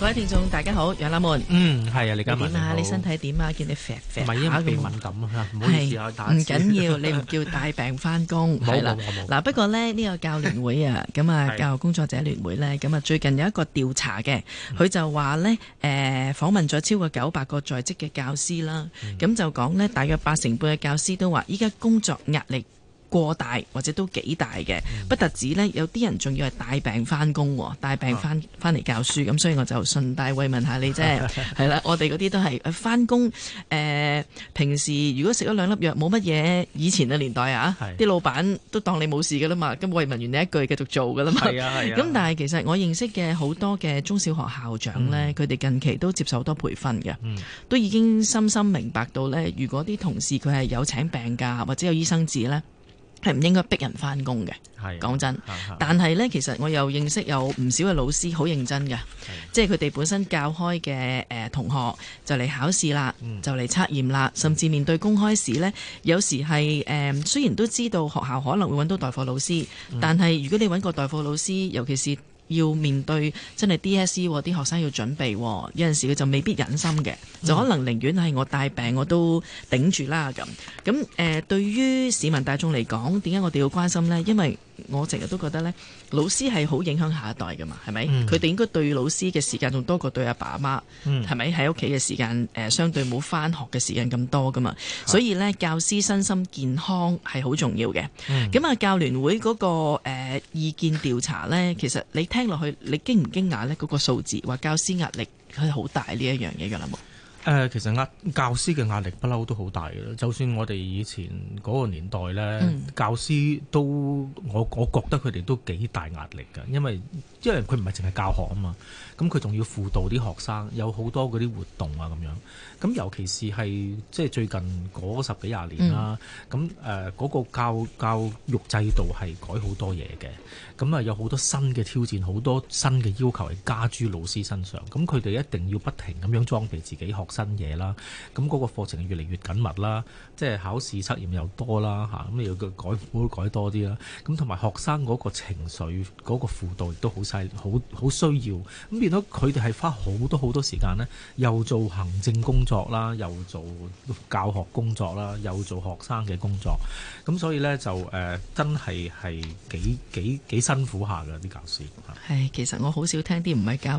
各位聽眾，大家好，楊立門。嗯，係啊，李家文。點啊？你身體點啊？見你肥肥下咁。唔係因為變敏感啊，唔好意思啊，打字。唔緊要，你唔叫帶病翻工。冇冇冇。嗱，不過咧呢個教聯會啊，咁啊教育工作者聯會咧，咁啊最近有一個調查嘅，佢就話咧，誒訪問咗超過九百個在職嘅教師啦，咁就講咧，大約八成半嘅教師都話，依家工作壓力。過大或者都幾大嘅，不特止呢，有啲人仲要係帶病翻工，啊，帶病翻翻嚟教書，咁所以我就順帶慰問下你啫，係啦， 我哋嗰啲都係翻工，誒、啊呃，平時如果食咗兩粒藥冇乜嘢，以前嘅年代啊，啲是老闆都當你冇事噶啦嘛，咁慰問完你一句，繼續做噶啦嘛，咁、啊啊、但係其實我認識嘅好多嘅中小學校長呢，佢哋、嗯、近期都接受好多培訓嘅，嗯、都已經深深明白到呢，如果啲同事佢係有請病假或者有醫生紙呢，係唔應該逼人返工嘅，講的真。但係呢，其實我又認識有唔少嘅老師，好認真嘅，的即係佢哋本身教開嘅誒、呃、同學就嚟考試啦，嗯、就嚟測驗啦，甚至面對公開試呢，有時係誒、呃，雖然都知道學校可能會揾到代課老師，嗯、但係如果你揾個代課老師，尤其是，要面對真係 DSE 喎，啲學生要準備，有陣時佢就未必忍心嘅，嗯、就可能寧願係我帶病我都頂住啦咁。咁誒、呃，對於市民大眾嚟講，點解我哋要關心呢？因為我成日都覺得呢，老師係好影響下一代噶嘛，係咪？佢哋、嗯、應該對老師嘅時間仲多過對阿爸阿媽，係咪喺屋企嘅時間？誒、呃，相對冇返學嘅時間咁多噶嘛，是所以呢，教師身心健康係好重要嘅。咁啊、嗯，教聯會嗰、那個誒、呃、意見調查呢，其實你聽落去，你驚唔驚訝呢？嗰、那個數字話教師壓力佢好大呢一樣嘢㗎喇。誒、呃，其實壓教師嘅壓力不嬲都好大嘅，就算我哋以前嗰個年代咧，嗯、教師都我我覺得佢哋都幾大壓力㗎，因為因為佢唔係淨係教學啊嘛。咁佢仲要輔導啲學生，有好多嗰啲活動啊咁樣，咁尤其是係即係最近嗰十幾廿年啦，咁誒嗰個教教育制度係改好多嘢嘅。咁啊有好多新嘅挑戰，好多新嘅要求係加諸老師身上。咁佢哋一定要不停咁樣裝備自己學新嘢啦。咁、那、嗰個課程越嚟越緊密啦，即係考試測驗又多啦吓，咁又要改改多啲啦。咁同埋學生嗰個情緒嗰個輔導亦都好細，好好需要咁要。佢哋係花好多好多時間呢，又做行政工作啦，又做教學工作啦，又做學生嘅工作，咁所以呢，就誒、呃、真係係幾幾幾辛苦下嘅啲教師嚇。係，其實我好少聽啲唔係教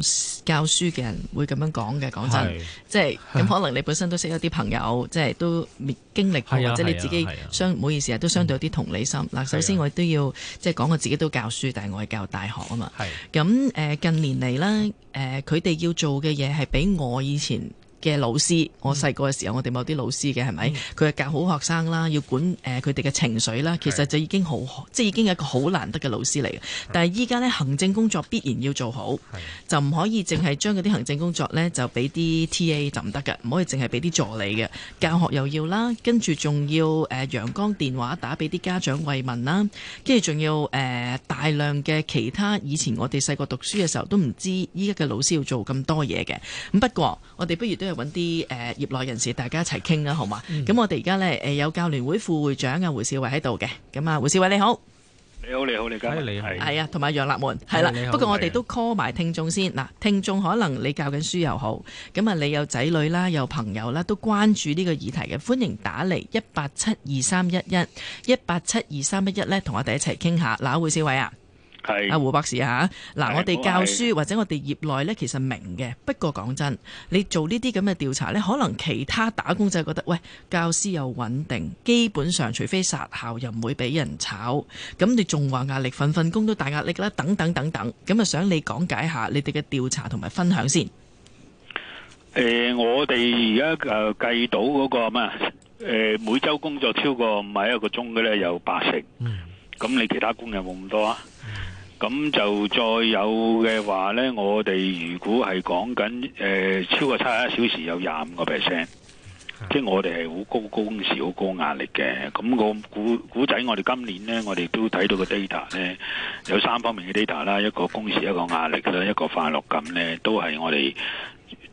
教書嘅人會咁樣講嘅，講真，是即係咁可能你本身都識一啲朋友， 即係都。經歷過、啊、或者你自己相唔、啊啊、好意思啊，都相對有啲同理心。嗱、嗯，首先我都要即係講我自己都教書，但係我係教大學啊嘛。咁誒、啊呃、近年嚟咧，誒佢哋要做嘅嘢係比我以前。嘅老師，我細個嘅時候，我哋某啲老師嘅係咪？佢係、嗯、教好學生啦，要管誒佢哋嘅情緒啦，其實就已經好，即係已經係一個好難得嘅老師嚟嘅。但係依家咧，行政工作必然要做好，嗯、就唔可以淨係將嗰啲行政工作呢就俾啲 T.A. 就唔得嘅，唔可以淨係俾啲助理嘅教學又要啦，跟住仲要誒、呃、陽光電話打俾啲家長慰問啦，跟住仲要誒、呃、大量嘅其他以前我哋細個讀書嘅時候都唔知依家嘅老師要做咁多嘢嘅。咁不過我哋不如都。揾啲誒業內人士，大家一齊傾啊，好嘛？咁、嗯、我哋而家咧誒有教聯會副會長啊，胡少偉喺度嘅咁啊，胡少偉你好，你好，你好，你嘅，你係係啊，同埋、哎、楊立門係啦。哎、不過我哋都 call 埋聽眾先嗱，聽眾可能你教緊書又好，咁啊你有仔女啦，有朋友啦，都關注呢個議題嘅，歡迎打嚟一八七二三一一一八七二三一一咧，同我哋一齊傾下嗱，胡少偉啊。係啊，胡博士吓嗱，我哋教書或者我哋業內咧，其實明嘅。不過講真，你做呢啲咁嘅調查咧，可能其他打工仔覺得，喂，教師又穩定，基本上除非殺校，又唔會俾人炒。咁你仲話壓力，份份工都大壓力啦，等等等等。咁啊，想你講解下你哋嘅調查同埋分享先。誒，我哋而家誒計到嗰個咩？誒，每周工作超過五十一個鐘嘅咧，有八成。咁你其他工人有冇咁多啊？咁就再有嘅話呢，我哋如果係講緊誒超過七十一小時有廿五個 percent，即係我哋係好高工時、好高,高壓力嘅。咁、那個、我估估仔，我哋今年呢，我哋都睇到個 data 呢，有三方面嘅 data 啦，一個工時、一個壓力啦、一個快樂感呢都係我哋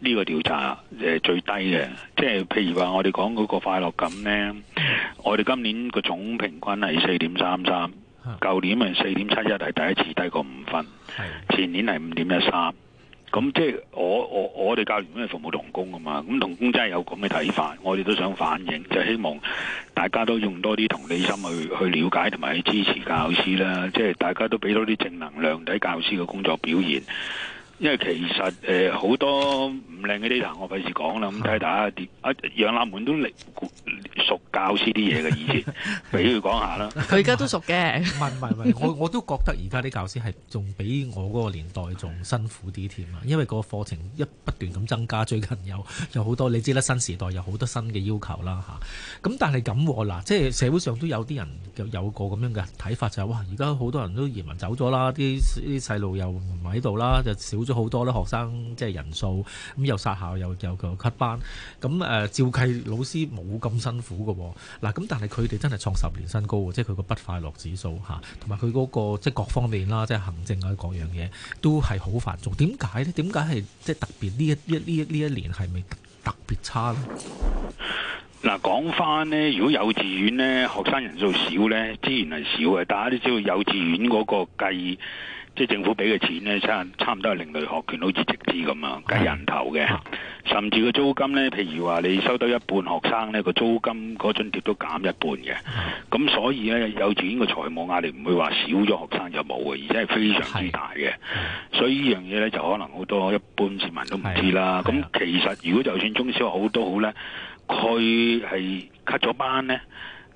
呢個調查誒、呃、最低嘅。即係譬如話我哋講嗰個快樂感呢，我哋今年個總平均係四點三三。舊年咪四點七一係第一次低過五分，的前年係五點一三，咁即係我我我哋教員都係服務同工㗎嘛，咁同工真係有咁嘅睇法，我哋都想反映，就係、希望大家都用多啲同理心去去了解同埋去支持教師啦，即係大家都俾多啲正能量喺教師嘅工作表現。因為其實誒好、呃、多唔靚嗰啲，我費事講啦。咁睇下大家點啊？養懶門都嚟熟教師啲嘢嘅以前，俾佢講下啦。佢而家都熟嘅。唔係唔係，我我都覺得而家啲教師係仲比我嗰個年代仲辛苦啲添啊！因為個課程一不斷咁增加，最近有有好多你知啦，新時代有好多新嘅要求啦吓。咁、啊、但係咁嗱，即係社會上都有啲人有有個咁樣嘅睇法就係、是、哇，而家好多人都移民走咗啦，啲啲細路又唔喺度啦，就少。咗好多啦，學生即係人數咁又殺校又有個 cut 班咁誒，照、呃、計老師冇咁辛苦嘅喎。嗱、啊、咁，但係佢哋真係創十年新高喎，即係佢個不快樂指數嚇，同埋佢嗰個即係各方面啦，即係行政啊各樣嘢都係好繁重。點解呢？點解係即係特別呢一呢呢呢一年係咪特，特別差咧？嗱，講翻呢，如果幼稚園呢，學生人數少呢，資源係少嘅，大家都知道幼稚園嗰個計。即係政府俾嘅錢咧，差差唔多係另類學券，好似直資咁樣，計人頭嘅。甚至個租金咧，譬如話你收到一半學生咧，個租金嗰津貼都減一半嘅。咁所以咧，幼稚園嘅財務壓力唔會話少咗學生就冇嘅，而且係非常之大嘅。的所以樣呢樣嘢咧，就可能好多一般市民都唔知啦。咁的其實如果就算中小學好多好咧，佢係 cut 咗班咧，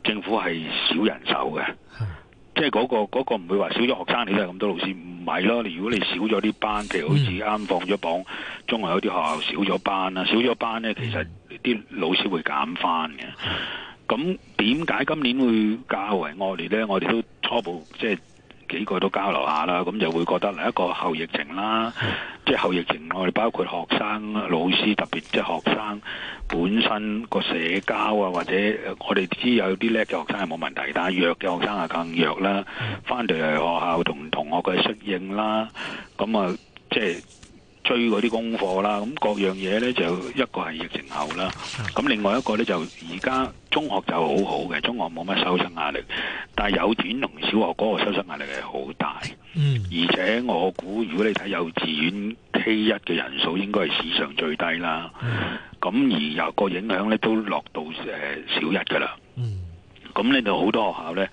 政府係少人手嘅。即係嗰個，嗰個唔會話少咗學生，你都係咁多老師，唔係咯？如果你少咗啲班，譬如好似啱放咗榜，中學有啲學校少咗班啦，少咗班呢，其實啲老師會減翻嘅。咁點解今年會較為惡劣呢？我哋都初步即係。幾個都交流下啦，咁就會覺得嚟一個後疫情啦，即係後疫情我哋包括學生老師，特別即係學生本身個社交啊，或者我哋知有啲叻嘅學生係冇問題，但係弱嘅學生係更弱啦。翻到嚟學校同同學嘅適應啦，咁啊即係。對嗰啲功課啦，咁各樣嘢呢，就一個係疫情後啦，咁另外一個呢，就而家中學就好好嘅，中學冇乜收生壓力，但係幼稚園同小學嗰個收生壓力係好大，嗯、而且我估如果你睇幼稚園 K 一嘅人數，應該係史上最低啦，咁、嗯、而又個影響呢，都落到誒、呃、小一噶啦，嗯，咁呢度好多學校呢，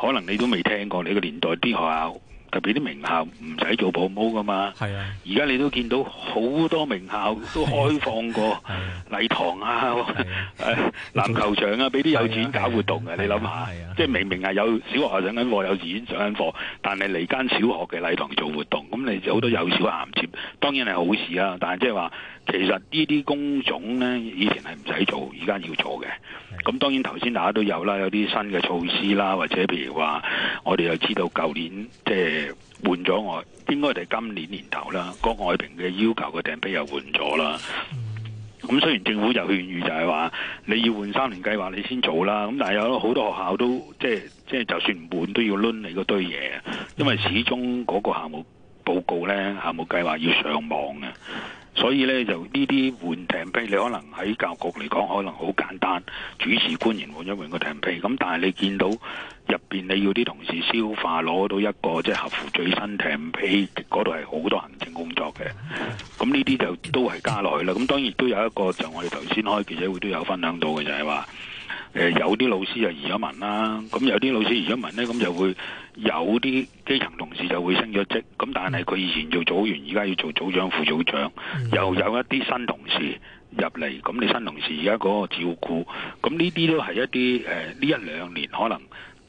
可能你都未聽過你個年代啲學校。特別啲名校唔使做保姆 o m o 噶嘛，而家、啊、你都見到好多名校都開放過禮堂啊、啊啊 籃球場啊，俾啲、啊、幼稚園搞活動嘅，啊啊、你諗下，啊啊啊、即係明明係有小學上緊課、幼稚園上緊課，課，但係嚟間小學嘅禮堂做活動，咁你就好多幼小銜接，當然係好事啊，但係即係話。其實呢啲工種呢，以前係唔使做，而家要做嘅。咁當然頭先大家都有啦，有啲新嘅措施啦，或者譬如話，我哋又知道舊年即係換咗外，應該係今年年頭啦。個外評嘅要求嘅訂批又換咗啦。咁雖然政府就勸喻就係話，你要換三年計劃你先做啦。咁但係有好多學校都即係即係就算唔換都要攆你嗰堆嘢。因為始終嗰個項目報告呢，項目計劃要上網啊。所以呢，就呢啲換艇皮，你可能喺教育局嚟講可能好簡單，主持官員換一換個艇皮。咁但係你見到入邊你要啲同事消化攞到一個即係、即係、合乎最新艇皮，嗰度係好多行政工作嘅。咁呢啲就都係加落去啦。咁當然都有一個就我哋頭先開記者會都有分享到嘅，就係、係、話。誒、呃，有啲老師就移咗民啦，咁、嗯、有啲老師移咗民呢，咁、嗯、就會有啲基層同事就會升咗職，咁但係佢以前做組員，而家要做組長、副組長，又有一啲新同事入嚟，咁、嗯、你新同事而家嗰個照顧，咁呢啲都係一啲誒、呢、呃、一兩年可能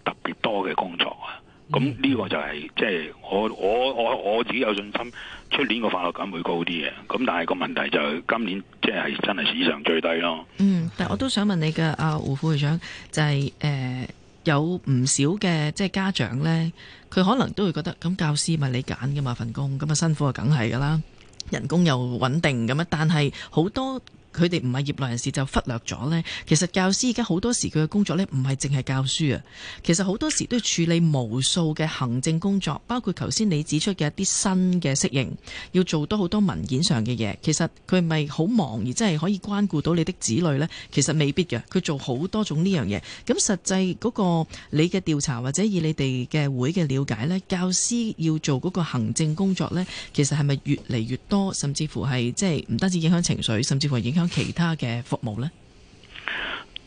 特別多嘅工作啊。咁呢個就係即係我我我我自己有信心出年個法律感會高啲嘅，咁但係個問題就係今年即係真係史上最低咯。嗯，但係我都想問你嘅阿胡副會長，就係誒有唔少嘅即係家長咧，佢可能都會覺得咁，教師咪你揀嘅嘛份工，咁啊辛苦啊梗係噶啦，人工又穩定咁樣，但係好多。佢哋唔係業內人士就忽略咗咧。其實教師而家好多時佢嘅工作咧，唔係淨係教書啊。其實好多時都要處理無數嘅行政工作，包括頭先你指出嘅一啲新嘅適應，要做多好多文件上嘅嘢。其實佢係咪好忙而即係可以關顧到你的子女咧？其實未必嘅。佢做好多種呢樣嘢。咁實際嗰個你嘅調查或者以你哋嘅會嘅了解咧，教師要做嗰個行政工作咧，其實係咪越嚟越多，甚至乎係即係唔單止影響情緒甚至乎影響。其他嘅服務呢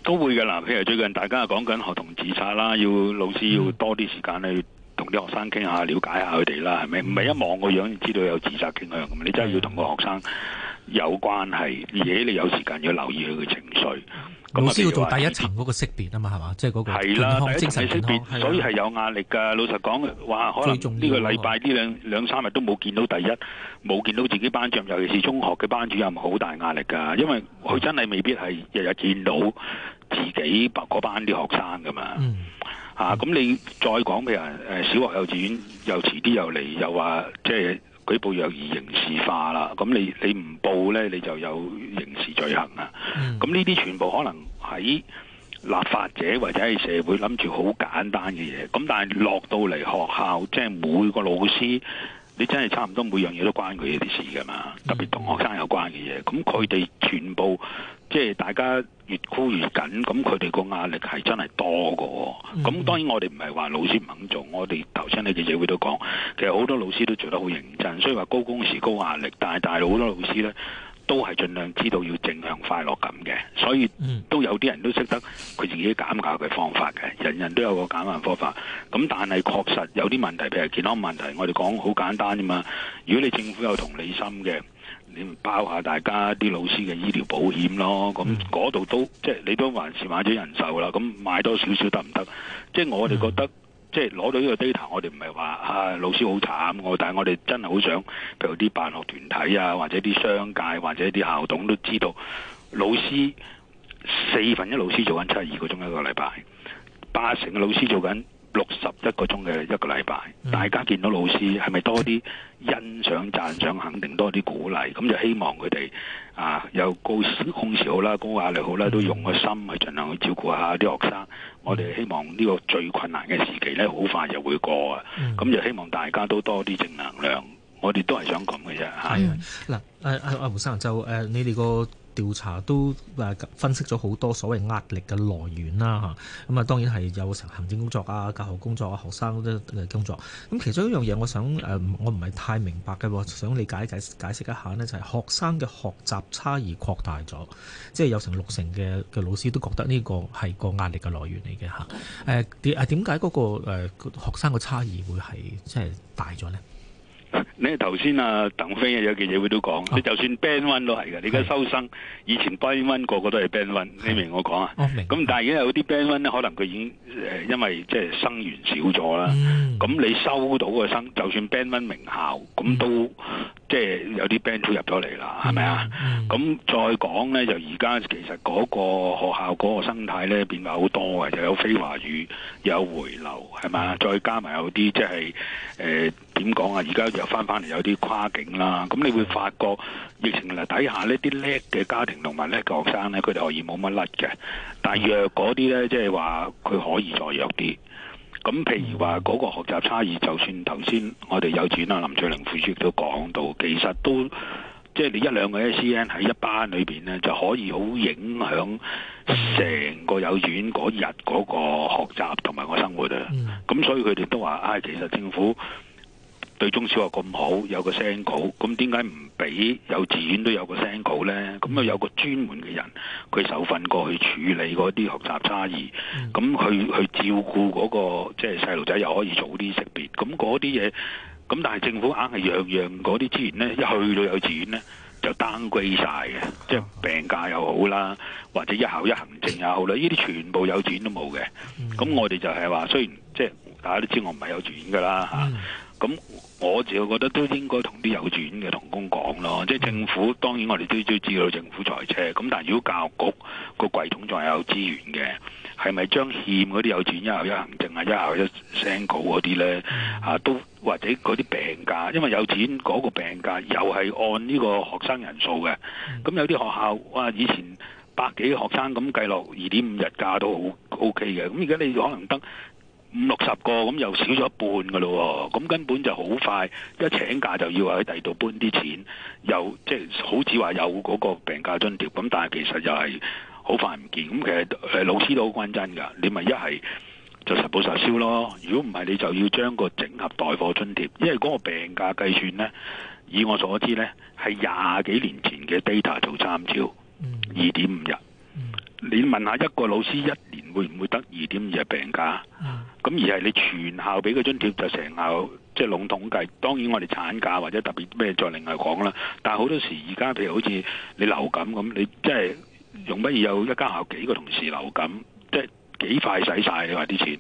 都會嘅嗱。譬如最近大家講緊學童自殺啦，要老師要多啲時間去同啲學生傾下，了解下佢哋啦，係咪？唔係一望個樣就知道有自殺傾向咁，你真係要同個學生有關係，而且你有時間要留意佢嘅情緒。老師要做第一層嗰個識別啊嘛，係嘛，即係嗰個健康精神啦。所以係有壓力噶。老實講，話可能呢個禮拜呢兩兩三日都冇見到第一，冇見到自己班主任，尤其是中學嘅班主任，好大壓力噶。因為佢真係未必係日日見到自己白嗰班啲學生噶嘛。啊，咁你再講俾人，誒，小學幼稚園又遲啲又嚟，又話即係。舉報若而刑事化啦，咁你你唔報呢，你就有刑事罪行啊。咁呢啲全部可能喺立法者或者喺社會諗住好簡單嘅嘢，咁但係落到嚟學校，即係每個老師，你真係差唔多每樣嘢都關佢啲事㗎嘛，特別同學生有關嘅嘢，咁佢哋全部。嗯 即係大家越箍越緊，咁佢哋個壓力係真係多個。咁當然我哋唔係話老師唔肯做，我哋頭先喺記者社會都講，其實好多老師都做得好認真。雖然話高工時高壓力，但係大陸好多老師呢都係盡量知道要正向快樂感嘅，所以都有啲人都識得佢自己減價嘅方法嘅。人人都有個減壓方法。咁但係確實有啲問題，譬如健康問題，我哋講好簡單啫嘛。如果你政府有同理心嘅。你包下大家啲老師嘅醫療保險咯，咁嗰度都即係你都還是買咗人壽啦，咁買多少少得唔得？即係我哋覺得，即係攞到呢個 data，我哋唔係話啊老師好慘，但我但係我哋真係好想，譬如啲辦學團體啊，或者啲商界，或者啲校董都知道，老師四分一老師做緊七十二個鐘一個禮拜，八成嘅老師做緊。六十一個鐘嘅一個禮拜，嗯、大家見到老師係咪多啲欣賞讚賞，肯定多啲鼓勵，咁就希望佢哋啊有高工時好啦，高壓力好啦，嗯、都用個心去盡量去照顧下啲學生。嗯、我哋希望呢個最困難嘅時期呢，好快就會過啊！咁、嗯、就希望大家都多啲正能量。我哋都係想咁嘅啫係。嗱、嗯，誒、啊啊啊、胡生就、啊、你哋、個。調查都誒分析咗好多所謂壓力嘅來源啦嚇，咁啊當然係有成行政工作啊、教學工作啊、學生嘅工作。咁其中一樣嘢，我想誒我唔係太明白嘅喎，想理解解解釋一下呢，就係學生嘅學習差異擴大咗，即係有成六成嘅嘅老師都覺得呢個係個壓力嘅來源嚟嘅嚇。誒點解嗰個誒學生嘅差異會係即係大咗呢？你頭先啊，鄧飛有件嘢佢都講，啊、你就算 band one 都係嘅，的你而家收生，以前 band one 個個都係 band one，的你明我講啊？我明。咁但係而家有啲 band one 咧，可能佢已經誒、呃，因為即係生源少咗啦，咁、嗯、你收到個生，就算 band one 名校，咁都。嗯即係有啲 band 入咗嚟啦，係咪啊？咁、mm hmm. 再講呢，就而家其實嗰個學校嗰個生態呢，變化好多嘅，就有非華語，有回流，係嘛？Mm hmm. 再加埋有啲即係誒點講啊？而、呃、家又翻返嚟有啲跨境啦。咁你會發覺疫情嚟底下呢啲叻嘅家庭同埋叻嘅學生呢，佢哋可以冇乜甩嘅，mm hmm. 但弱嗰啲呢，即係話佢可以再弱啲。咁、嗯、譬如話嗰個學習差異，就算頭先我哋幼稚園啊林翠玲副主席都講到，其實都即係你一兩個 S E N 喺一班裏邊咧，就可以好影響成個幼稚園嗰日嗰個學習同埋個生活啊。咁、嗯、所以佢哋都話，唉、哎，其實政府。對中小學咁好，有個聲稿，咁點解唔俾幼稚園都有個聲稿咧？咁啊，有個專門嘅人，佢受訓過去處理嗰啲學習差異，咁去去照顧嗰個即係細路仔，又可以早啲識別。咁嗰啲嘢，咁但係政府硬係樣樣嗰啲資源咧，一去到幼稚園咧就 down grade 晒嘅，即係病假又好啦，或者一校一行政又好啦，呢啲全部幼稚園都冇嘅。咁我哋就係話，雖然即係大家都知我唔係幼稚園㗎啦嚇，咁、嗯。我自己覺得都應該同啲幼稚園嘅同工講咯，即係政府當然我哋都都知道政府財赤，咁但係如果教育局個櫃桶仲係有資源嘅，係咪將欠嗰啲幼稚園一校一行政啊、一校一升高嗰啲呢？啊，都或者嗰啲病假，因為幼稚園嗰個病假又係按呢個學生人數嘅，咁有啲學校哇以前百幾學生咁計落二點五日假都好 O K 嘅，咁而家你可能得。五六十個咁又少咗一半噶咯喎，咁根本就好快一請假就要喺第二度搬啲錢，又即係好似話有嗰個病假津貼，咁但係其實又係好快唔見。咁其實誒老師都好關心㗎，你咪一係就實報實銷咯。如果唔係，你就要將個整合代課津貼，因為嗰個病假計算呢，以我所知呢，係廿幾年前嘅 data 做參照，二點五日。嗯。你問下一個老師一年會唔會得二點五日病假？咁、嗯、而係你全校俾佢津貼就成校，即係籠統計。當然我哋產假或者特別咩，再另外講啦。但係好多時而家譬如好似你流感咁，你即係容乜易有一間校幾個同事流感，即係幾快使晒你話啲錢。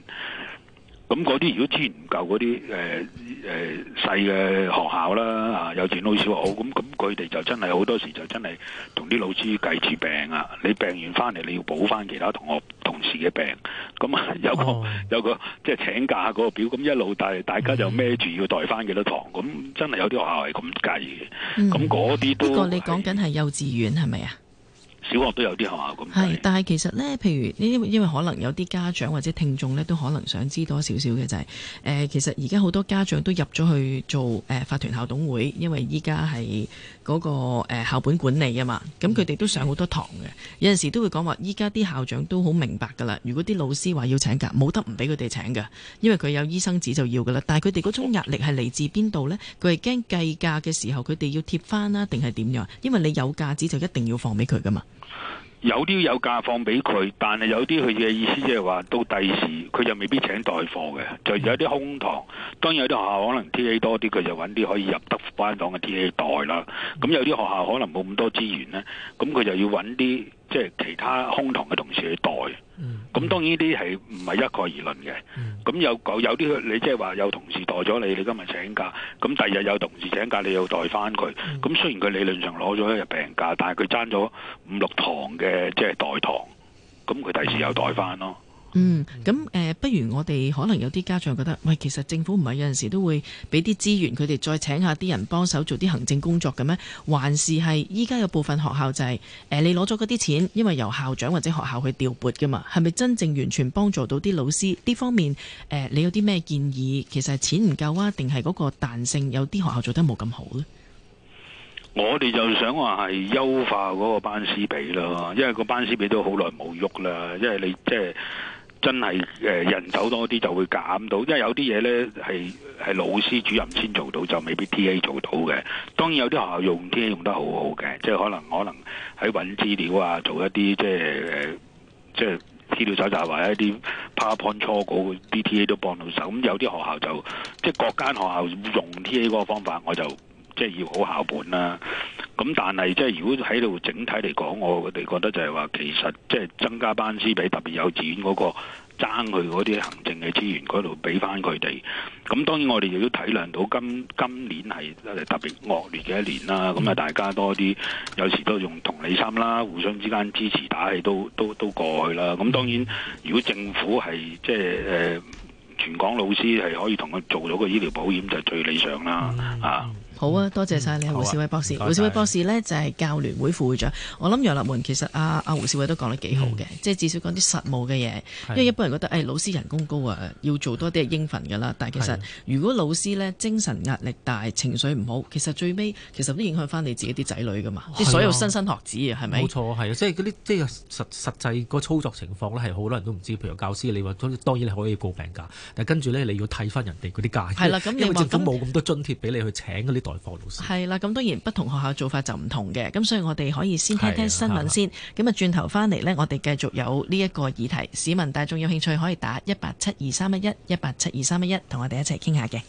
咁嗰啲如果資源唔夠嗰啲誒誒細嘅學校啦、啊、幼稚園老師好，咁咁佢哋就真係好多時就真係同啲老師計住病啊，你病完翻嚟你要補翻其他同學同事嘅病，咁啊有個、哦、有個，有個即係請假嗰個表，咁一路但大家就孭住要代翻幾多堂，咁、嗯、真係有啲學校係咁計嘅，咁嗰啲都不過、嗯、呢個你講緊係幼稚園係咪啊？是小學都有啲學校，咁，係但係其實呢，譬如因因為可能有啲家長或者聽眾呢，都可能想知多少少嘅就係、是、誒、呃，其實而家好多家長都入咗去做誒、呃、法團校董會，因為依家係嗰個、呃、校本管理啊嘛。咁佢哋都上好多堂嘅，有陣時都會講話，依家啲校長都好明白㗎啦。如果啲老師話要請假，冇得唔俾佢哋請㗎，因為佢有醫生紙就要㗎啦。但係佢哋嗰種壓力係嚟自邊度呢？佢係驚計價嘅時候，佢哋要貼翻啦，定係點樣？因為你有價值就一定要放俾佢㗎嘛。有啲有假放俾佢，但係有啲佢嘅意思即係話，到第時佢就未必請代課嘅，就有啲空堂。當然有啲學校可能 TA 多啲，佢就揾啲可以入得班房嘅 TA 代啦。咁有啲學校可能冇咁多資源呢，咁佢就要揾啲。即係其他空堂嘅同事去代，咁、嗯、當然呢啲係唔係一概而論嘅。咁、嗯、有有啲你即係話有同事代咗你，你今日請假，咁第日有同事請假，你又代翻佢。咁、嗯、雖然佢理論上攞咗一日病假，但係佢爭咗五六堂嘅即係代堂，咁佢第時又代翻咯。嗯，咁誒、呃，不如我哋可能有啲家長覺得，喂，其實政府唔係有陣時都會俾啲資源，佢哋再請下啲人幫手做啲行政工作嘅咩？還是係依家有部分學校就係、是、誒、呃，你攞咗嗰啲錢，因為由校長或者學校去調撥㗎嘛，係咪真正完全幫助到啲老師？呢方面，誒、呃，你有啲咩建議？其實錢唔夠啊，定係嗰個彈性有啲學校做得冇咁好咧？我哋就想話係優化嗰個班師比咯，因為個班師比都好耐冇喐啦，因為你即係。真係誒、呃、人手多啲就會減到，因為有啲嘢咧係係老師主任先做到，就未必 T A 做到嘅。當然有啲學校用 T A 用得好好嘅，即係可能可能喺搵資料啊，做一啲即係誒、呃、即係資料搜集或者一啲 PowerPoint 初稿，啲 T A 都幫到手。咁、嗯、有啲學校就即係各間學校用 T A 個方法，我就。即係要好校本啦、啊，咁但係即係如果喺度整體嚟講，我哋覺得就係話其實即係增加班師比，特別幼稚園嗰、那個爭佢嗰啲行政嘅資源嗰度俾翻佢哋。咁、嗯、當然我哋亦都體諒到今今年係特別惡劣嘅一年啦。咁、嗯、啊，大家多啲有時都用同理心啦，互相之間支持打氣都都都過去啦。咁、嗯、當然如果政府係即係誒、呃、全港老師係可以同佢做咗個醫療保險就係最理想啦啊！嗯嗯嗯好啊，多謝晒你，嗯、胡少偉博士。啊、胡少偉博，謝博士呢就係、是、教聯會副會長。我諗楊立門其實阿、啊、阿胡少偉都講得幾好嘅，好啊、即係至少講啲實務嘅嘢。啊、因為一般人覺得誒、哎、老師人工高啊，要做多啲應份㗎啦。但係其實、啊、如果老師咧精神壓力大、情緒唔好，其實最尾其實都影響翻你自己啲仔女㗎嘛。啲、啊、所有莘莘學子啊，係咪？冇錯，係啊，即係嗰啲即係實實際個操作情況呢，係好多人都唔知。譬如教師，你話當然你可以告病假，但跟住呢，你要睇翻人哋嗰啲假，因為政府冇咁多津貼俾你去請啲。代課老師係啦，咁當然不同學校做法就唔同嘅，咁所以我哋可以先聽聽新聞先，咁啊轉頭翻嚟呢，我哋繼續有呢一個議題，市民大眾有興趣可以打 31, 31, 一八七二三一一一八七二三一一同我哋一齊傾下嘅。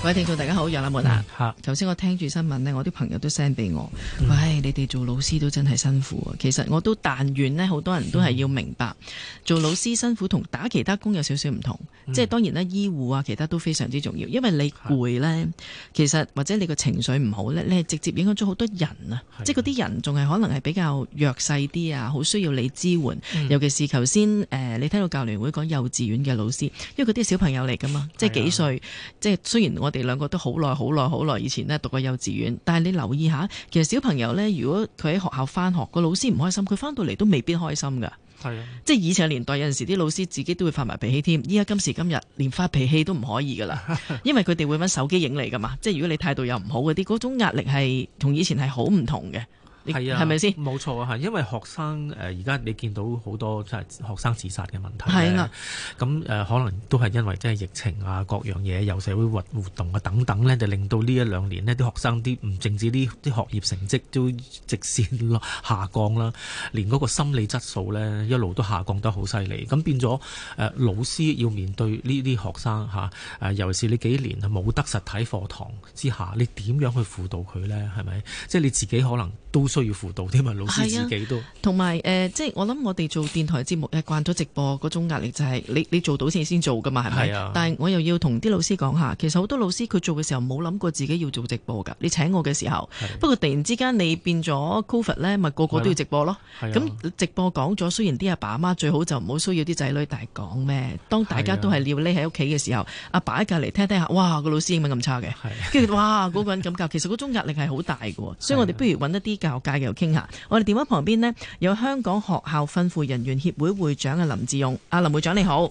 各位聽眾大家好，楊立門啊。頭先、啊、我聽住新聞呢，我啲朋友都 send 俾我，喂、嗯，你哋做老師都真係辛苦啊。其實我都但願呢，好多人都係要明白、嗯、做老師辛苦同打其他工有少少唔同。嗯、即係當然咧，醫護啊，其他都非常之重要。因為你攰呢，的其實或者你個情緒唔好呢，你係直接影響咗好多人啊。是的 即係嗰啲人仲係可能係比較弱勢啲啊，好需要你支援。嗯、尤其是頭先誒，你聽到教聯會講幼稚園嘅老師，因為佢啲小朋友嚟噶嘛，即係幾歲，即係雖然我。我哋兩個都好耐好耐好耐，以前咧讀過幼稚園。但係你留意下，其實小朋友呢，如果佢喺學校翻學，個老師唔開心，佢翻到嚟都未必開心㗎。係啊，即係以前年代，有陣時啲老師自己都會發埋脾氣添。依家今時今日，連發脾氣都唔可以㗎啦，因為佢哋會揾手機影嚟噶嘛。即係如果你態度又唔好嗰啲，嗰種壓力係同以前係好唔同嘅。係啊，係咪先？冇錯啊，係因為學生誒，而、呃、家你見到好多即係學生自殺嘅問題咧。係啊，咁誒可能都係因為即係疫情啊，各樣嘢、由社會活活動啊等等咧，就令到呢一兩年咧，啲學生啲唔淨止啲啲學業成績都直線落下降啦，連嗰個心理質素咧一路都下降得好犀利。咁變咗誒、呃、老師要面對呢啲學生嚇誒、啊，尤其是你幾年冇得實體課堂之下，你點樣去輔導佢咧？係咪？即係你自己可能都想需要輔導添啊！老師自己都同埋誒，即係我諗，我哋做電台節目誒，慣咗直播嗰種壓力就，就係你你做到先先做㗎嘛，係咪？啊！但係我又要同啲老師講下。其實好多老師佢做嘅時候冇諗過自己要做直播㗎。你請我嘅時候，啊、不過突然之間你變咗 COVID 咧，咪個個都要直播咯。咁、啊、直播講咗，雖然啲阿爸阿媽，媽最好就唔好需要啲仔女，但係講咩？當大家都係要匿喺屋企嘅時候，阿、啊、爸喺隔籬聽聽下，哇！個老師英文咁差嘅，跟住、啊、哇嗰、嗰個人咁教， 其實嗰種壓力係好大㗎。啊、所以我哋不如揾一啲教育。界嘅又傾下，我哋電話旁邊呢，有香港學校訓輔人員協會會長嘅林智勇。阿、啊、林會長你好。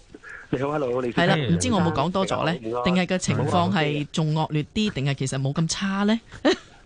你好，hello，你係啦，唔知我冇講多咗呢？定係個情況係仲惡劣啲，定係其實冇咁差呢？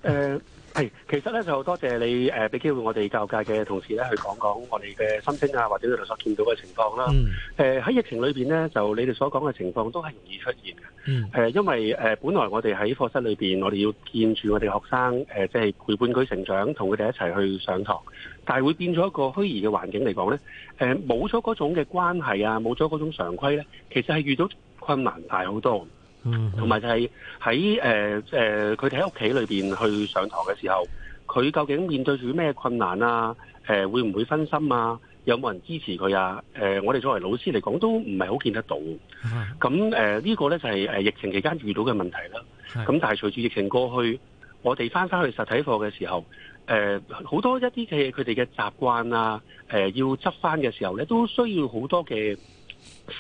誒。 係，其實咧就多謝你誒，俾、呃、機會我哋教育界嘅同事咧去講講我哋嘅心聲啊，或者你哋所見到嘅情況啦。誒、嗯，喺、呃、疫情裏邊咧，就你哋所講嘅情況都係容易出現嘅。誒、嗯呃，因為誒、呃、本來我哋喺課室裏邊，我哋要見住我哋學生，誒、呃，即、就、係、是、陪伴佢成長，同佢哋一齊去上堂，但係會變咗一個虛擬嘅環境嚟講咧，誒、呃，冇咗嗰種嘅關係啊，冇咗嗰種常規咧，其實係遇到困難大好多。嗯，同埋、mm hmm. 就係喺，誒誒，佢哋喺屋企裏邊去上堂嘅時候，佢究竟面對住咩困難啊？誒、呃，會唔會分心啊？有冇人支持佢啊？誒、呃，我哋作為老師嚟講，都唔係好見得到。咁誒呢個咧就係，誒疫情期間遇到嘅問題啦。咁、mm hmm. 但係隨住疫情過去，我哋翻返去實體課嘅時候，誒、呃、好多一啲嘅佢哋嘅習慣啊，誒、呃、要執翻嘅時候咧，都需要好多嘅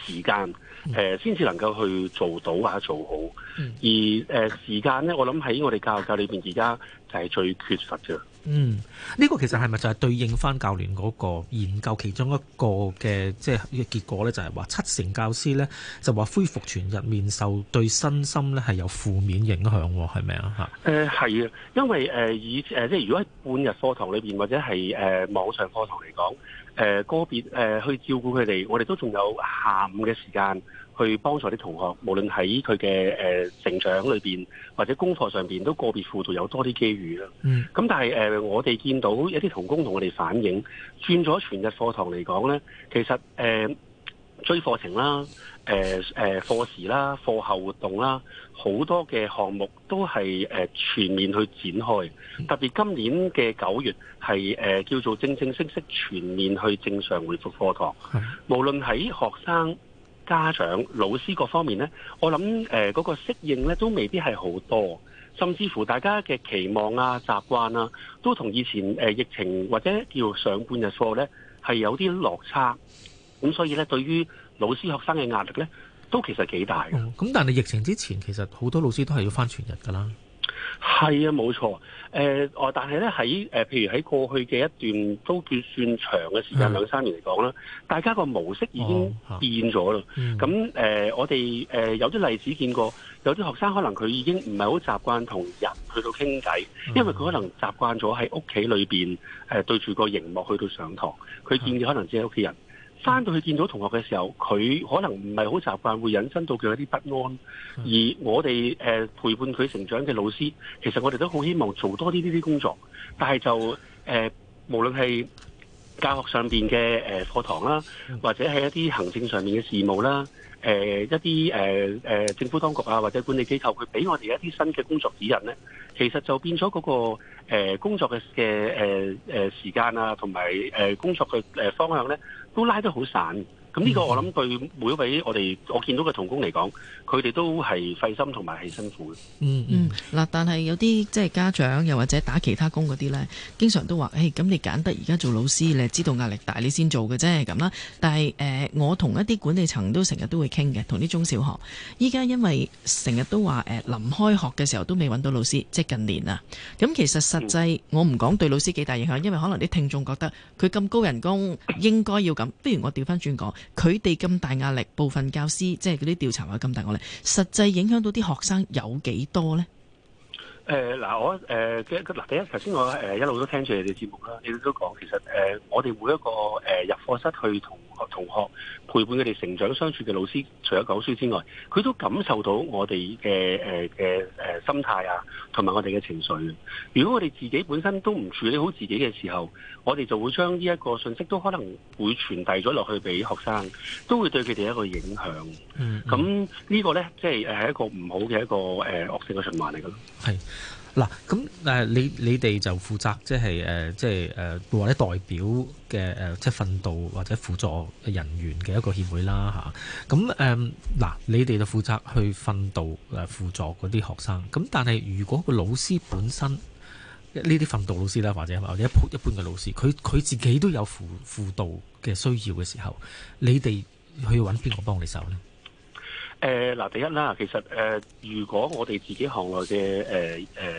時間。誒，先至、呃、能夠去做到或者做好，而誒、呃、時間咧，我諗喺我哋教育界裏邊而家就係最缺乏嘅。嗯、呢、這個其實係咪就係對應翻教聯嗰個研究其中一個嘅即係結果呢？就係、是、話七成教師呢，就話恢復全日面授對身心咧係有負面影響，哦，係咪啊？吓、呃、誒係啊，因為誒、呃、以、呃、即係如果喺半日課堂裏邊或者係誒、呃、網上課堂嚟講。誒、呃、個別、呃、去照顧佢哋，我哋都仲有下午嘅時間去幫助啲同學，無論喺佢嘅誒成長裏邊或者功課上邊，都個別輔導有多啲機遇啦。咁、mm. 嗯、但係誒、呃，我哋見到有啲同工同我哋反映，轉咗全日課堂嚟講呢，其實誒、呃、追課程啦。誒誒，課、uh, uh, 時啦，課後活動啦，好多嘅項目都係誒、uh, 全面去展開。特別今年嘅九月係誒、uh, 叫做正正式式全面去正常回復課堂。的無論喺學生、家長、老師各方面呢，我諗誒嗰個適應呢都未必係好多，甚至乎大家嘅期望啊、習慣啊，都同以前誒、uh, 疫情或者叫上半日課呢係有啲落差。咁所以呢，對於老師學生嘅壓力呢，都其實幾大。咁、嗯、但係疫情之前，其實好多老師都係要返全日㗎啦。係啊，冇錯。誒、呃，哦、呃，但係呢，喺誒，譬、呃、如喺過去嘅一段都叫算長嘅時間是兩三年嚟講啦，大家個模式已經變咗咯。咁誒、哦呃，我哋誒、呃、有啲例子見過，有啲學生可能佢已經唔係好習慣同人去到傾偈，嗯、因為佢可能習慣咗喺屋企裏邊誒、呃、對住個熒幕去到上堂，佢見到可能只係屋企人。翻到去見到同學嘅時候，佢可能唔係好習慣會引申到佢有啲不安。而我哋誒陪伴佢成長嘅老師，其實我哋都好希望做多啲呢啲工作。但係就誒、呃，無論係教學上邊嘅誒課堂啦，或者係一啲行政上面嘅事務啦，誒、呃、一啲誒誒政府當局啊或者管理機構，佢俾我哋一啲新嘅工作指引咧，其實就變咗嗰、個、呃、工作嘅嘅誒誒時間啊，同埋誒工作嘅誒、呃、方向咧。都拉得好散。咁呢、嗯、個我諗對每一位我哋我見到嘅同工嚟講，佢哋都係費心同埋係辛苦嘅、嗯。嗯嗯，嗱，但係有啲即係家長，又或者打其他工嗰啲呢，經常都話：誒，咁你揀得而家做老師，你知道壓力大，你先做嘅啫，咁啦。但係誒、呃，我同一啲管理層都成日都會傾嘅，同啲中小學，依家因為成日都話誒，臨、呃、開學嘅時候都未揾到老師，即係近年啊。咁其實實際我唔講對老師幾大影響，因為可能啲聽眾覺得佢咁高人工 應該要咁，不如我調翻轉講。佢哋咁大壓力，部分教師即係嗰啲調查話咁大壓力，實際影響到啲學生有幾多咧？誒嗱、呃，我誒、呃、第一頭先我誒、呃、一路都聽住你哋節目啦，你哋都講其實誒、呃，我哋每一個誒、呃、入課室去同同學陪伴佢哋成長相處嘅老師，除咗教書之外，佢都感受到我哋嘅誒誒誒心態啊，同埋我哋嘅情緒。如果我哋自己本身都唔處理好自己嘅時候，我哋就會將呢一個信息都可能會傳遞咗落去俾學生，都會對佢哋一個影響，嗯。嗯，咁呢個咧，即係係一個唔好嘅一個誒惡、呃、性嘅循環嚟噶咯。係嗱，咁誒、呃，你你哋就負責，即係誒、呃，即係誒，或、呃、者、呃、代表。代表嘅誒、呃，即係訓導或者輔助人員嘅一個協會啦嚇，咁誒嗱，你哋就負責去訓導誒、啊、輔助嗰啲學生，咁、啊、但係如果個老師本身呢啲訓導老師啦，或者或者一般嘅老師，佢佢自己都有輔輔導嘅需要嘅時候，你哋去揾邊個幫你手呢？誒嗱、呃呃，第一啦，其實誒、呃，如果我哋自己行內嘅誒誒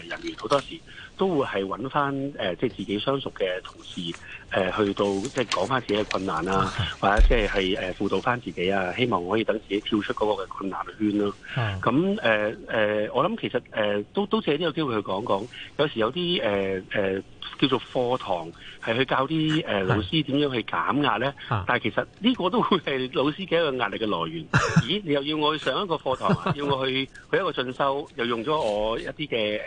人員，好多時，都會係揾翻誒，即係自己相熟嘅同事誒、呃，去到即係講翻自己嘅困難啊，或者即係係誒輔導翻自己啊，希望可以等自己跳出嗰個嘅困難圈咯。咁誒誒，我諗其實誒、呃、都都借呢個機會去講講，有時有啲誒誒叫做課堂係去教啲誒、呃、老師點樣去減壓咧，嗯、但係其實呢個都會係老師嘅一個壓力嘅來源。 咦？你又要我去上一個課堂啊？要我去去一個進修，又用咗我一啲嘅誒，呃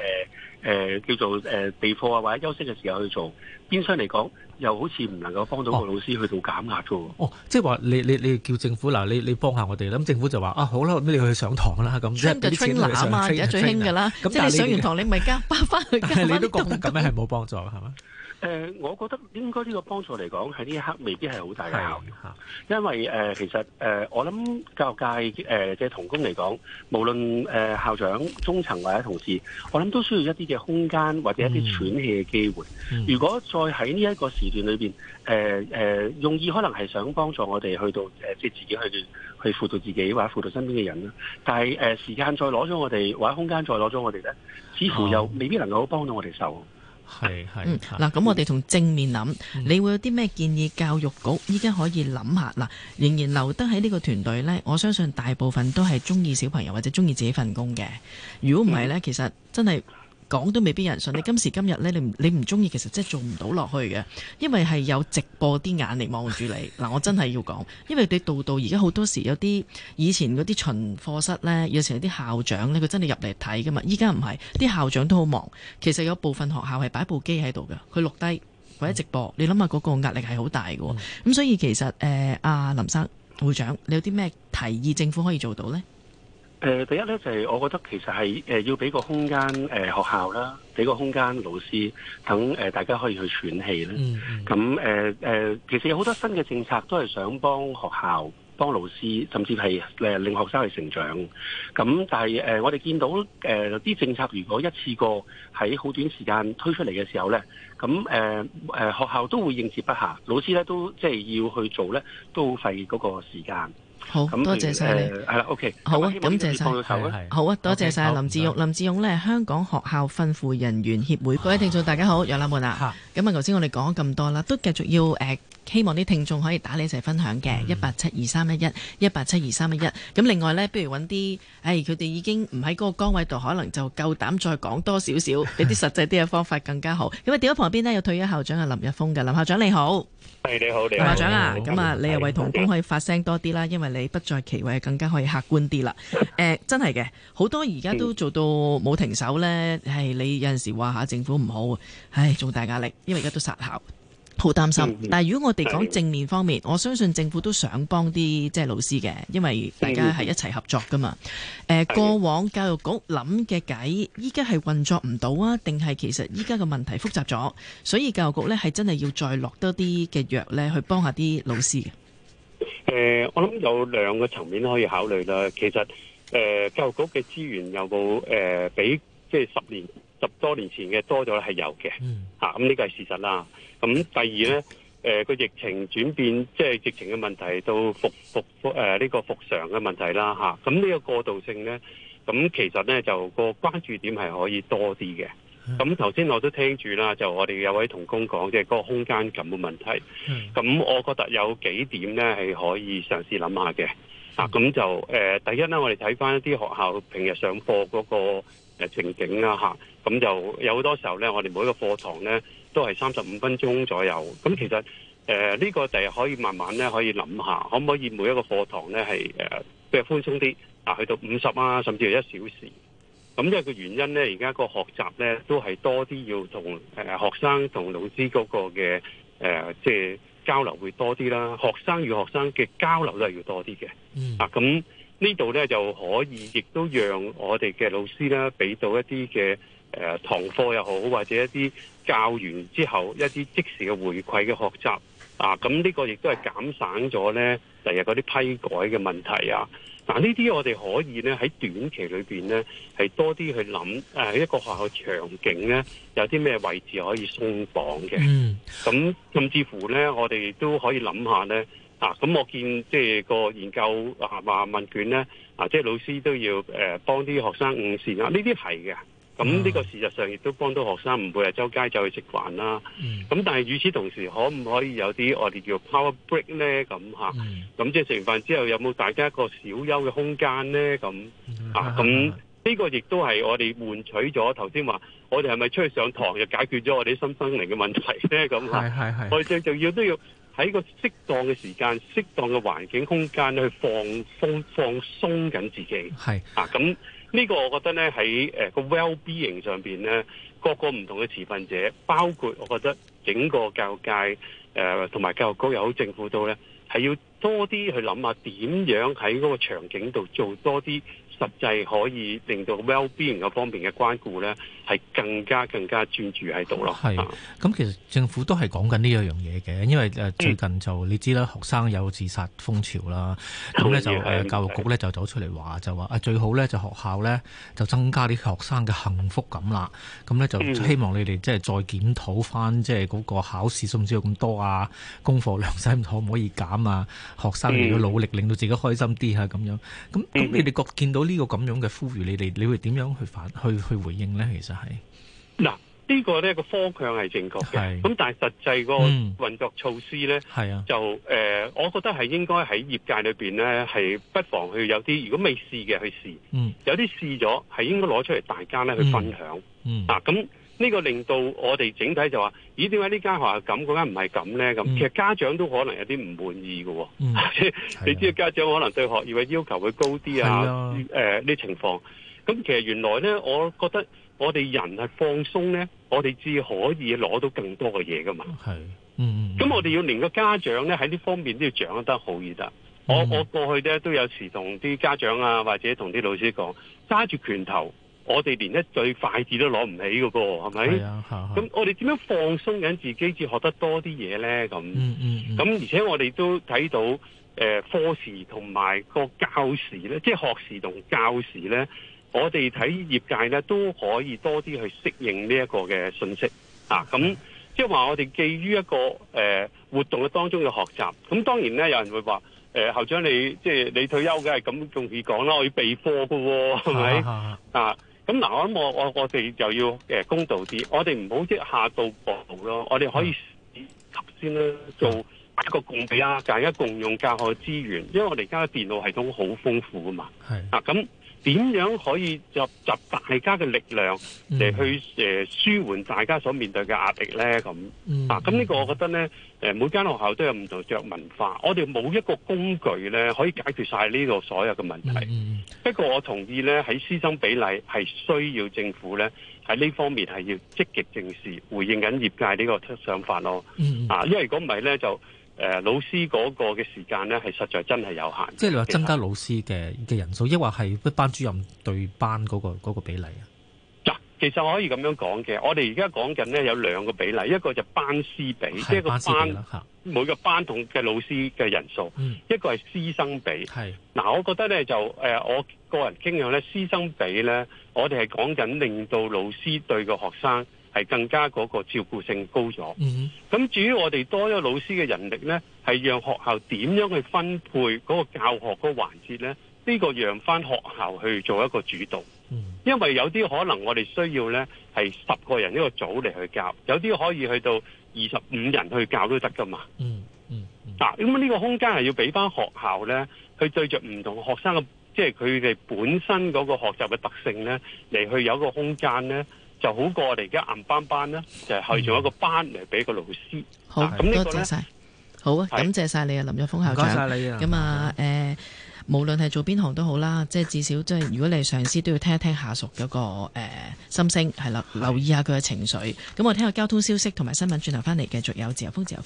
誒叫做誒備課啊，或者休息嘅時候去做。變相嚟講，又好似唔能夠幫到個老師去到減壓嘅喎。哦，即係話你你你叫政府嗱，你你幫下我哋啦。咁政府就話啊，好啦，咁你去上堂啦咁。春就春冷啊，而家最興㗎啦。咁即係你上完堂，你咪加返返去加分。但係你都覺得咁樣係冇幫助係嗎？誒、呃，我覺得應該呢個幫助嚟講，喺呢一刻未必係好大效，因為誒、呃，其實誒、呃，我諗教育界誒、呃，即係同工嚟講，無論誒、呃、校長、中層或者同事，我諗都需要一啲嘅空間或者一啲喘氣嘅機會。嗯、如果再喺呢一個時段裏邊，誒、呃、誒、呃，用意可能係想幫助我哋去到誒、呃，即係自己去去輔導自己或者輔導身邊嘅人啦。但係誒、呃，時間再攞咗我哋，或者空間再攞咗我哋咧，似乎又未必能夠幫到我哋手。係係。嗯，嗱，咁我哋從正面諗，嗯，你會有啲咩建議教育局？依家可以諗下。嗱，仍然留得喺呢個團隊呢。我相信大部分都係中意小朋友或者中意自己份工嘅。如果唔係呢，其實真係，講都未必有人信，你今時今日呢，你唔你唔中意，其實真係做唔到落去嘅，因為係有直播啲眼力望住你。嗱， 我真係要講，因為你到到而家好多時有啲以前嗰啲巡課室呢，有時有啲校長呢，佢真係入嚟睇㗎嘛。依家唔係，啲校長都好忙。其實有部分學校係擺部機喺度嘅，佢錄低或者直播。你諗下嗰個壓力係好大嘅。咁 所以其實誒，阿、呃、林生會長，你有啲咩提議政府可以做到呢？誒、呃、第一咧就係、是、我覺得其實係誒、呃、要俾個空間誒、呃、學校啦，俾個空間老師等誒、呃、大家可以去喘氣啦。咁誒誒，其實有好多新嘅政策都係想幫學校、幫老師，甚至係誒令學生去成長。咁但係誒、呃、我哋見到誒啲、呃、政策如果一次過喺好短時間推出嚟嘅時候咧，咁誒誒學校都會應接不暇，老師咧都即係要去做咧都好費嗰個時間。好多謝晒你，係啦，OK，好啊，咁謝晒，好啊，多謝晒林智勇。林智勇呢係香港學校訓輔人員協會。各位聽眾大家好，楊立滿啊，咁啊，頭先我哋講咗咁多啦，都繼續要誒，希望啲聽眾可以打嚟一齊分享嘅，一八七二三一一，一八七二三一一。咁另外呢，不如搵啲，誒，佢哋已經唔喺嗰個崗位度，可能就夠膽再講多少少，俾啲實際啲嘅方法更加好。咁啊，掉喺旁邊呢，有退休校長係林日豐嘅，林校長你好，係你好，你林校長啊，咁啊，你又為同工可以發聲多啲啦，因為。你不在其位，更加可以客觀啲啦。誒、 呃，真係嘅，好多而家都做到冇停手呢。係 你有陣時話下政府唔好唉，仲大壓力，因為而家都殺校，好擔心。 但係如果我哋講正面方面， 我相信政府都想幫啲即係老師嘅，因為大家係一齊合作噶嘛。誒、呃，過往教育局諗嘅計，依家係運作唔到啊，定係其實依家嘅問題複雜咗，所以教育局呢係真係要再落多啲嘅藥呢，去幫一下啲老師嘅。誒，uh, 我諗有兩個層面可以考慮啦。其實，誒、uh，教育局嘅資源有冇誒、uh, 比即係十年十多年前嘅多咗咧？係有嘅，吓咁呢個係事實啦。咁第二咧，誒、呃、個疫情轉變，即係疫情嘅問題到復復誒呢個復常嘅問題啦，吓咁呢個過渡性咧，咁其實咧就個關注點係可以多啲嘅。咁頭先我都聽住啦，就我哋有位同工講嘅嗰個空間感嘅問題。咁、嗯、我覺得有幾點咧係可以嘗試諗下嘅。啊，咁就誒、呃、第一咧，我哋睇翻一啲學校平日上課嗰個、呃、情景啦、啊、嚇。咁、啊、就有好多時候咧，我哋每一個課堂咧都係三十五分鐘左右。咁其實誒呢、呃這個就係可以慢慢咧可以諗下，可唔可以每一個課堂咧係誒比較寬鬆啲，啊去到五十啊，甚至乎一小時。咁一個原因咧，而家個學習咧都係多啲要同誒、呃、學生同老師嗰個嘅誒，即、呃、係、就是、交流會多啲啦。學生與學生嘅交流都係要多啲嘅。嗯、啊，咁呢度咧就可以亦都讓我哋嘅老師咧俾到一啲嘅誒堂課又好，或者一啲教完之後一啲即時嘅回饋嘅學習。啊，咁呢個亦都係減省咗咧第日嗰啲批改嘅問題啊。嗱，呢啲我哋可以咧喺短期裏邊咧，係多啲去諗誒一個學校場景咧，有啲咩位置可以鬆綁嘅、mm. 嗯啊。嗯，咁甚至乎咧，我哋都可以諗下咧，啊，咁我見即係個研究啊問卷咧，啊，即係老師都要誒、啊、幫啲學生誤線啊，呢啲係嘅。咁呢、嗯、個事實上亦都幫到學生唔會係周街走去食飯啦。咁但係與此同時，可唔可以有啲我哋叫做 power break 咧？咁嚇，咁、嗯、即係食完飯之後有冇大家一個小休嘅空間咧？咁、嗯、啊，咁呢、嗯、個亦都係我哋換取咗頭先話，我哋係咪出去上堂就解決咗我哋啲身心靈嘅問題咧？咁嚇，係係係我哋最重要都要喺個適當嘅時間、適當嘅環境空間去放鬆放放鬆緊自己。係是啊，咁、嗯。嗯呢個我覺得呢，喺誒、呃、個 well-being 上邊呢，各個唔同嘅持份者，包括我覺得整個教育界誒同埋教育局又好政府都呢，係要多啲去諗下點樣喺嗰個場景度做多啲。實際可以令到 well-being 方面嘅關顧咧，係更加更加專注喺度咯。係，咁其實政府都係講緊呢一樣嘢嘅，因為誒、嗯、最近就你知啦，學生有自殺風潮啦，咁咧、嗯、就誒教育局咧就走出嚟話就話啊，最好咧就學校咧就增加啲學生嘅幸福感啦。咁咧就希望你哋、嗯、即係再檢討翻即係嗰、嗰個考試數唔數咁多啊，功課量使細可唔可以減啊？學生要努力令到自己開心啲嚇咁樣。咁咁你哋覺見到？呢、這個咁樣嘅呼籲，你哋你會點樣去反去去回應呢？其實係嗱，呢個呢個方向係正確嘅，咁是但係實際個運作措施呢，係啊，就誒、呃，我覺得係應該喺業界裏邊呢，係不妨去有啲如果未試嘅去試，嗯，有啲試咗係應該攞出嚟大家咧去分享，嗯，嗯啊咁。呢個令到我哋整體就話，咦？點解呢間學校咁，嗰間唔係咁咧？咁、嗯、其實家長都可能有啲唔滿意嘅、哦。嗯， 你知道家長可能對學業嘅要求會高啲啊？誒、啊、呢、呃、情況。咁、嗯嗯、其實原來咧，我覺得我哋人係放鬆咧，我哋至可以攞到更多嘅嘢噶嘛。係，嗯咁、嗯、我哋要連個家長咧喺呢方面都要掌握得好先得。我、嗯、我過去咧都有時同啲家長啊，或者同啲老師講，揸住拳頭。我哋連一對筷子都攞唔起嘅噃，係咪？咁、啊啊、我哋點樣放鬆緊自己，至學得多啲嘢咧？咁，咁、嗯嗯嗯、而且我哋都睇到誒課時同埋個教時咧，即係學時同教時咧，我哋睇業界咧都可以多啲去適應呢、啊嗯啊、一個嘅信息啊！咁即係話我哋基於一個誒活動嘅當中嘅學習。咁當然咧，有人會話誒、呃、校長你即係你退休嘅係退休梗係咁仲易講啦，我要備課嘅喎，係咪啊？咁嗱、嗯，我我我我哋就要誒、呃、公道啲，我哋唔好即下到過度咯，我哋可以先咧做一個共備啊，大家共用教學資源，因為我哋而家嘅電腦系統好豐富啊嘛。係是啊，咁、嗯。點樣可以集集大家嘅力量嚟去誒、呃、舒緩大家所面對嘅壓力咧？咁、嗯嗯、啊、咁、這、呢個我覺得咧，誒、呃、每間學校都有唔同着文化，我哋冇一個工具咧可以解決晒呢個所有嘅問題。嗯嗯、不過我同意咧，喺師生比例係需要政府咧喺呢方面係要積極正視，回應緊業界呢個出想法咯。啊，因為如果唔係咧就。誒、呃，老師嗰個嘅時間咧，係實在真係有限。即係你話增加老師嘅嘅人數，抑或係班主任對班嗰、嗰個、嗰個比例啊？嗱，其實我可以咁樣講嘅，我哋而家講緊咧有兩個比例，一個就班師比，即係的個班,班每個班同嘅老師嘅人數；嗯、一個係師生比。係嗱的、啊，我覺得咧就誒、呃，我個人傾向咧師生比咧，我哋係講緊令到老師對個學,學生。係更加嗰個照顧性高咗，咁、mm hmm. 至於我哋多咗老師嘅人力呢係讓學校點樣去分配嗰個教學個環節呢？呢、呢個讓翻學校去做一個主導，mm hmm. 因為有啲可能我哋需要呢係十個人一個組嚟去教，有啲可以去到二十五人去教都得噶嘛。嗯嗯、mm，嗱、hmm. 啊，咁呢個空間係要俾翻學校呢去對着唔同學生嘅，即係佢哋本身嗰個學習嘅特性呢嚟去有一個空間呢。就好過我哋而家硬班班啦，嗯、就係去做一個班嚟俾個老師。好，多、啊、的謝晒！好啊，感謝晒你啊，的林日豐校長。唔該晒你啊。咁啊，誒、呃，無論係做邊行都好啦，即係至少即係，如果你係上司，都要聽一聽下屬嗰、那個誒心聲，係、呃、啦，留意下佢嘅情緒。咁的我聽下交通消息同埋新聞，轉頭翻嚟繼續有自由風，自由風。